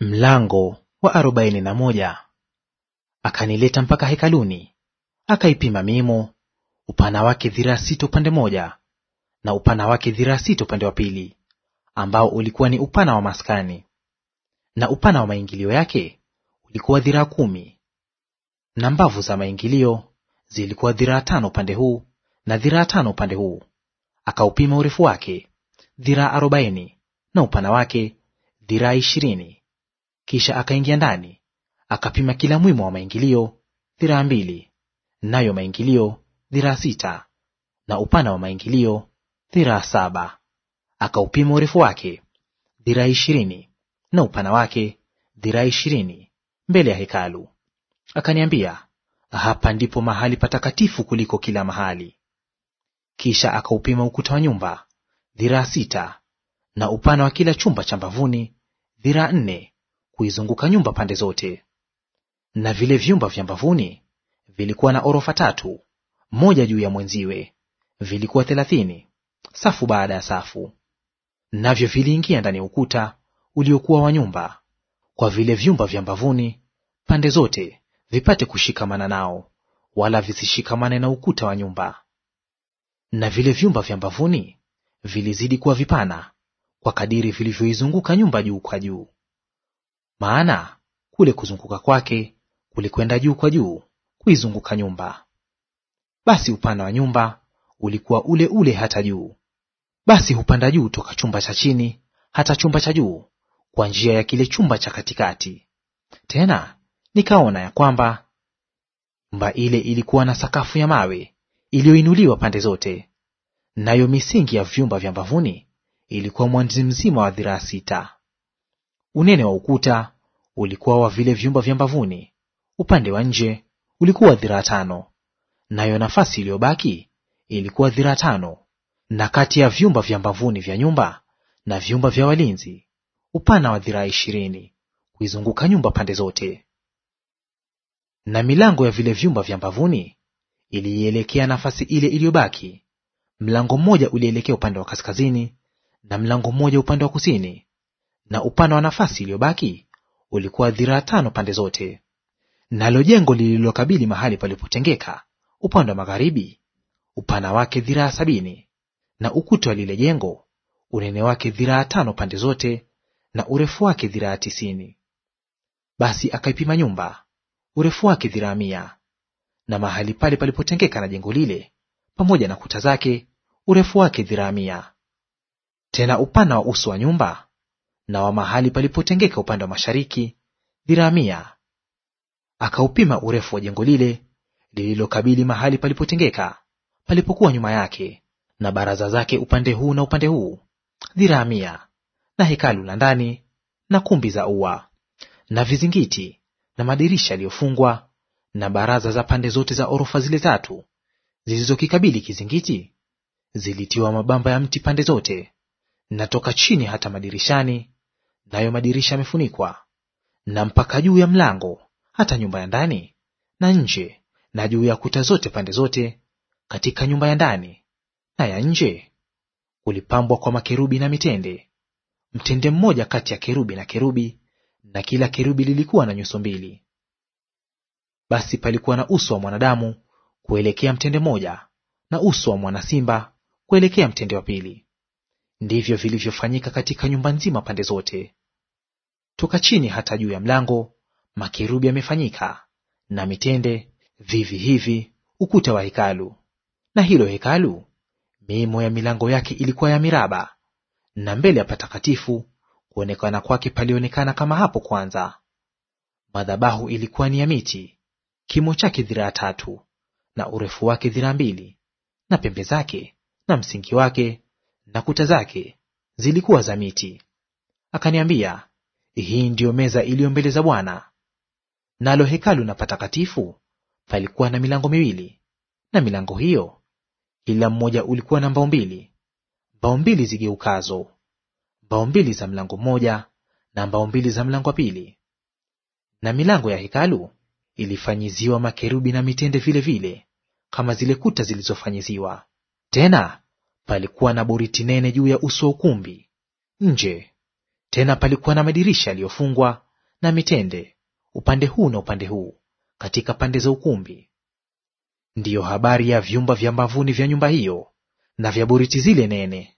Mlango wa arobaini na moja. Akanileta mpaka hekaluni, akaipima mimo, upana wake dhiraa sita upande moja na upana wake dhiraa sita upande wa pili, ambao ulikuwa ni upana wa maskani, na upana wa maingilio yake ulikuwa dhiraa kumi, na mbavu za maingilio zilikuwa dhiraa tano upande huu na dhiraa tano upande huu. Akaupima urefu wake dhiraa arobaini na upana wake dhiraa ishirini kisha akaingia ndani akapima kila mwimo wa maingilio dhiraa mbili, nayo maingilio dhiraa sita, na upana wa maingilio dhiraa saba. Akaupima urefu wake dhiraa ishirini na upana wake dhiraa ishirini mbele ya hekalu. Akaniambia, hapa ndipo mahali patakatifu kuliko kila mahali. Kisha akaupima ukuta wa nyumba dhiraa sita na upana wa kila chumba cha mbavuni dhiraa nne kuizunguka nyumba pande zote. Na vile vyumba vya mbavuni vilikuwa na orofa tatu, moja juu ya mwenziwe; vilikuwa thelathini, safu baada ya safu. Navyo viliingia ndani ya ukuta uliokuwa wa nyumba, kwa vile vyumba vya mbavuni pande zote vipate kushikamana nao, wala visishikamane na ukuta wa nyumba. Na vile vyumba vya mbavuni vilizidi kuwa vipana kwa kadiri vilivyoizunguka nyumba juu kwa juu maana kule kuzunguka kwake kulikwenda juu kwa juu kuizunguka nyumba. Basi upana wa nyumba ulikuwa ule ule hata juu. Basi hupanda juu toka chumba cha chini hata chumba cha juu kwa njia ya kile chumba cha katikati. Tena nikaona ya kwamba nyumba ile ilikuwa na sakafu ya mawe iliyoinuliwa pande zote, nayo misingi ya vyumba vya mbavuni ilikuwa mwanzi mzima wa dhiraa sita. Unene wa ukuta ulikuwa wa vile vyumba vya mbavuni, upande wa nje ulikuwa dhiraa tano, nayo nafasi iliyobaki ilikuwa dhiraa tano, na kati ya vyumba vya mbavuni vya nyumba na vyumba vya walinzi upana wa dhiraa ishirini kuizunguka nyumba pande zote. Na milango ya vile vyumba vya mbavuni iliielekea nafasi ile iliyobaki; mlango mmoja ulielekea upande wa kaskazini na mlango mmoja upande wa kusini na upana wa nafasi iliyobaki ulikuwa dhiraa tano pande zote. Nalo jengo lililokabili mahali palipotengeka upande wa magharibi, upana wake dhiraa sabini, na ukuta wa lile jengo unene wake dhiraa tano pande zote, na urefu wake dhiraa tisini. Basi akaipima nyumba urefu wake dhiraa mia, na mahali pale palipotengeka na jengo lile pamoja na kuta zake urefu wake dhiraa mia. Tena upana wa uso wa nyumba na wa mahali palipotengeka upande wa mashariki dhiraa mia. Akaupima urefu wa jengo lile lililokabili mahali palipotengeka palipokuwa nyuma yake, na baraza zake upande huu na upande huu dhiraa mia, na hekalu la ndani na kumbi za ua na vizingiti na madirisha yaliyofungwa na baraza za pande zote za orofa zile tatu zilizokikabili kizingiti zilitiwa mabamba ya mti pande zote, na toka chini hata madirishani nayo madirisha yamefunikwa, na mpaka juu ya mlango, hata nyumba ya ndani na nje, na juu ya kuta zote pande zote, katika nyumba ya ndani na ya nje, kulipambwa kwa makerubi na mitende, mtende mmoja kati ya kerubi na kerubi, na kila kerubi lilikuwa na nyuso mbili. Basi palikuwa na uso wa mwanadamu kuelekea mtende mmoja, na uso wa mwana simba kuelekea mtende wa pili. Ndivyo vilivyofanyika katika nyumba nzima pande zote toka chini hata juu ya mlango makerubi yamefanyika na mitende vivi hivi ukuta wa hekalu. Na hilo hekalu miimo ya milango yake ilikuwa ya miraba, na mbele ya patakatifu kuonekana kwake palionekana kama hapo kwanza. Madhabahu ilikuwa ni ya miti, kimo chake dhiraa tatu na urefu wake dhiraa mbili, na pembe zake na msingi wake na kuta zake zilikuwa za miti. Akaniambia, hii ndiyo meza iliyo mbele za Bwana. Nalo hekalu na patakatifu palikuwa na milango miwili, na milango hiyo kila mmoja ulikuwa na mbao mbili, mbao mbili zigeukazo, mbao mbili za mlango mmoja na mbao mbili za mlango wa pili. Na milango ya hekalu ilifanyiziwa makerubi na mitende vile vile kama zile kuta zilizofanyiziwa. Tena palikuwa na boriti nene juu ya uso wa ukumbi nje tena palikuwa na madirisha yaliyofungwa na mitende upande huu na upande huu katika pande za ukumbi. Ndiyo habari ya vyumba vya mbavuni vya nyumba hiyo na vya boriti zile nene.